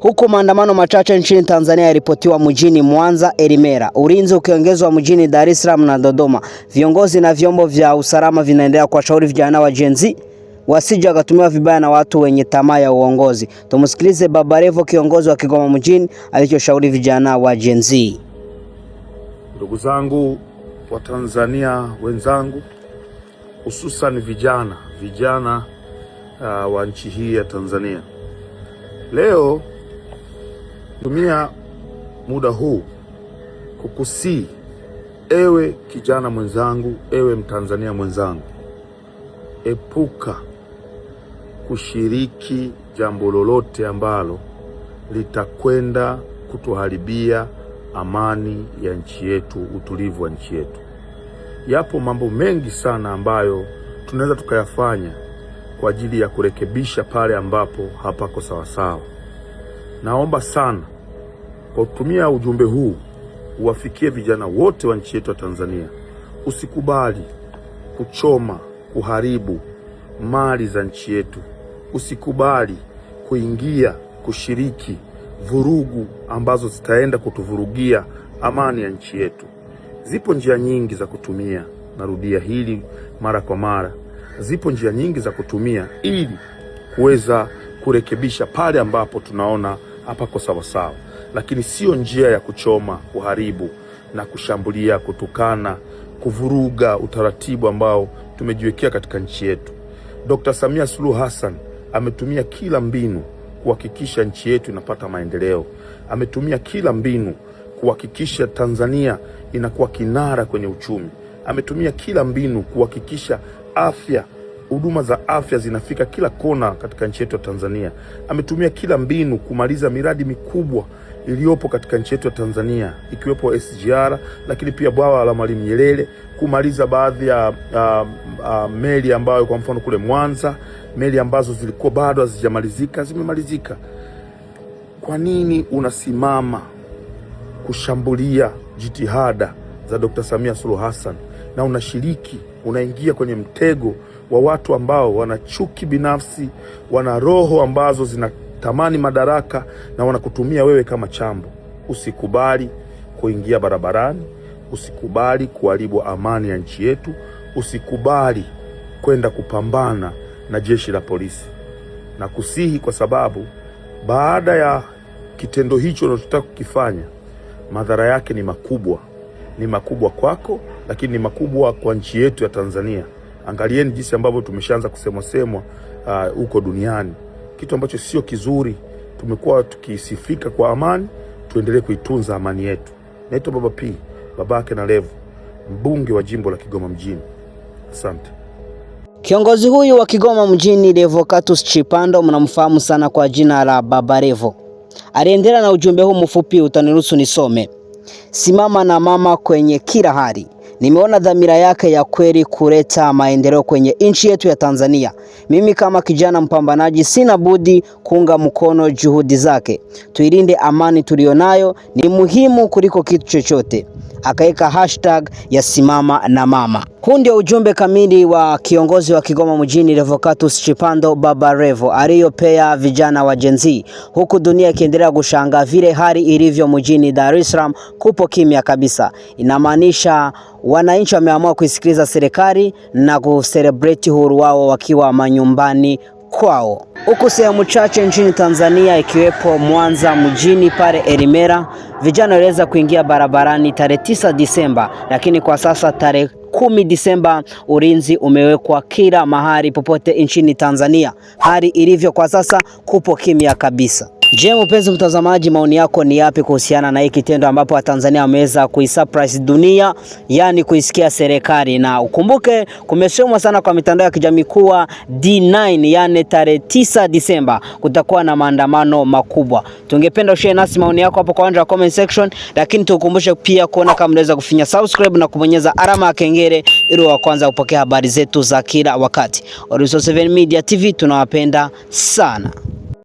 Huku maandamano machache nchini Tanzania yaripotiwa mjini Mwanza, Elimera, ulinzi ukiongezwa mjini Dar es Salaam na Dodoma. Viongozi na vyombo vya usalama vinaendelea kuwashauri vijana wa Gen Z wasije wakatumiwa vibaya na watu wenye tamaa ya uongozi. Tumsikilize Baba Levo, kiongozi wa Kigoma mjini, alichoshauri vijana wa Gen Z. Ndugu zangu wa Tanzania wenzangu, hususan vijana vijana uh, wa nchi hii ya Tanzania Leo tumia muda huu kukusii, ewe kijana mwenzangu, ewe Mtanzania mwenzangu, epuka kushiriki jambo lolote ambalo litakwenda kutuharibia amani ya nchi yetu, utulivu wa nchi yetu. Yapo mambo mengi sana ambayo tunaweza tukayafanya kwa ajili ya kurekebisha pale ambapo hapako sawasawa. Naomba sana kwa kutumia ujumbe huu uwafikie vijana wote wa nchi yetu ya Tanzania. Usikubali kuchoma, kuharibu mali za nchi yetu. Usikubali kuingia, kushiriki vurugu ambazo zitaenda kutuvurugia amani ya nchi yetu. Zipo njia nyingi za kutumia, narudia hili mara kwa mara zipo njia nyingi za kutumia ili kuweza kurekebisha pale ambapo tunaona hapako sawasawa, lakini sio njia ya kuchoma, kuharibu na kushambulia, kutukana, kuvuruga utaratibu ambao tumejiwekea katika nchi yetu. Dkt. Samia Suluhu Hassan ametumia kila mbinu kuhakikisha nchi yetu inapata maendeleo. Ametumia kila mbinu kuhakikisha Tanzania inakuwa kinara kwenye uchumi. Ametumia kila mbinu kuhakikisha afya, huduma za afya zinafika kila kona katika nchi yetu ya Tanzania. Ametumia kila mbinu kumaliza miradi mikubwa iliyopo katika nchi yetu ya Tanzania ikiwepo SGR, lakini pia bwawa la Mwalimu Nyerere, kumaliza baadhi ya uh, uh, meli ambayo kwa mfano kule Mwanza, meli ambazo zilikuwa bado hazijamalizika zimemalizika. Kwa nini unasimama kushambulia jitihada za Dr. Samia Suluhu Hassan na unashiriki unaingia kwenye mtego wa watu ambao wana chuki binafsi, wana roho ambazo zinatamani madaraka na wanakutumia wewe kama chambo. Usikubali kuingia barabarani, usikubali kuharibu amani ya nchi yetu, usikubali kwenda kupambana na jeshi la polisi na kusihi, kwa sababu baada ya kitendo hicho unachotaka kukifanya, madhara yake ni makubwa ni makubwa kwako, lakini ni makubwa kwa nchi yetu ya Tanzania. Angalieni jinsi ambavyo tumeshaanza kusemwasemwa uh, huko uh, duniani, kitu ambacho sio kizuri. Tumekuwa tukisifika kwa amani, tuendelee kuitunza amani yetu. Naitwa Baba P, babake na Levo, mbunge wa jimbo la Kigoma mjini. Asante. Kiongozi huyu wa Kigoma mjini Revocatus Chipando mnamfahamu sana kwa jina la Baba Levo, aliendelea na ujumbe huu mfupi, utaniruhusu nisome. Simama na mama kwenye kila hali. Nimeona dhamira yake ya kweli kuleta maendeleo kwenye nchi yetu ya Tanzania. Mimi kama kijana mpambanaji sina budi kuunga mkono juhudi zake. Tuilinde amani tuliyonayo, ni muhimu kuliko kitu chochote akaweka hashtag ya simama na mama. Huu ndio ujumbe kamili wa kiongozi wa Kigoma mjini Revocatus Chipando Baba Revo aliyopea vijana wa Gen Z, huku dunia ikiendelea kushangaa vile hali ilivyo mjini Dar es Salaam, kupo kimya kabisa. Inamaanisha wananchi wameamua kuisikiliza serikali na kuselebreti uhuru wao wakiwa manyumbani kwao huku sehemu chache nchini Tanzania ikiwepo Mwanza mjini pale Elimera, vijana waliweza kuingia barabarani tarehe 9 Disemba, lakini kwa sasa tarehe kumi Disemba ulinzi umewekwa kila mahali popote nchini Tanzania. Hali ilivyo kwa sasa, kupo kimya kabisa. Je, mpenzi mtazamaji, maoni yako ni yapi kuhusiana na hii kitendo ambapo Watanzania wameweza kuisurprise dunia, yani kuisikia serikali? Na ukumbuke kumesomwa sana kwa mitandao ya kijamii kuwa D9, yani tarehe 9 Disemba kutakuwa na maandamano makubwa. Tungependa ushare nasi maoni yako hapo kwa comment section, lakini tukukumbushe pia kuona kama unaweza kufinya subscribe na kubonyeza alama ya kengele ili wa kwanza upokee habari zetu za kila wakati. Olivisoro7 Media TV tunawapenda sana.